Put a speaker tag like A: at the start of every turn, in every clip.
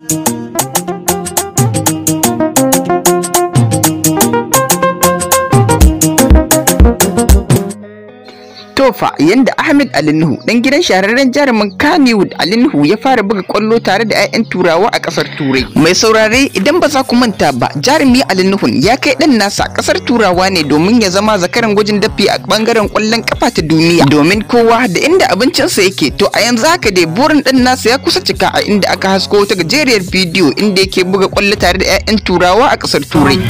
A: Thank you. tofa yanda Ahmed Alinuhu dan gidan shahararren jarumin Ali Alinuhu ya fara buga kwallo tare da 'ya'yan turawa a kasar Turai. Mai saurare idan ba za ku manta ba jarumi Nuhu ya kai dan nasa kasar Turawa ne domin ya zama zakaran gwajin dafi a bangaren kwallon kafa ta duniya domin kowa da inda abincinsa yake to a yanzu haka dai burin dan nasa ya kusa cika a inda aka hasko ta gajeriyar bidiyo inda yake buga kwallo tare da 'ya'yan turawa a kasar Turai.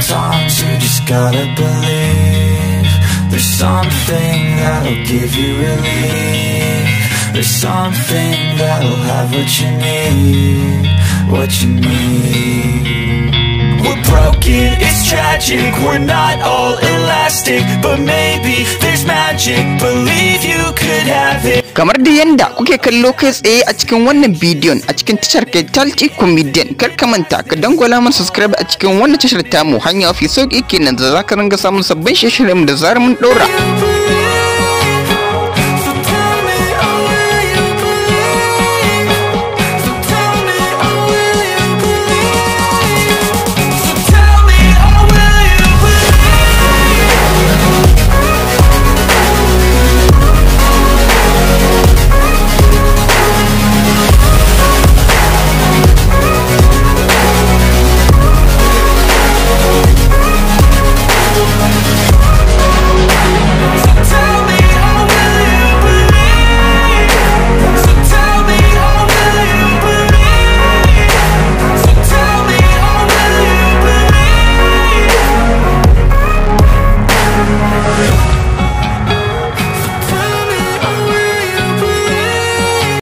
B: something that'll give you relief There's something that'll have what you need
C: What you need We're broken, it's tragic We're not all elastic But maybe there's magic Believe you could have
A: it kamar da yanda kuke kallo kai tsaye a cikin wannan bidiyon a cikin tashar kai talci comedian kar ka manta ka dangwala mun subscribe a cikin wannan tashar tamu hanya fi sauki kenan da za ka ringa samun sabbin shirye-shiryen da zarar mun ɗora.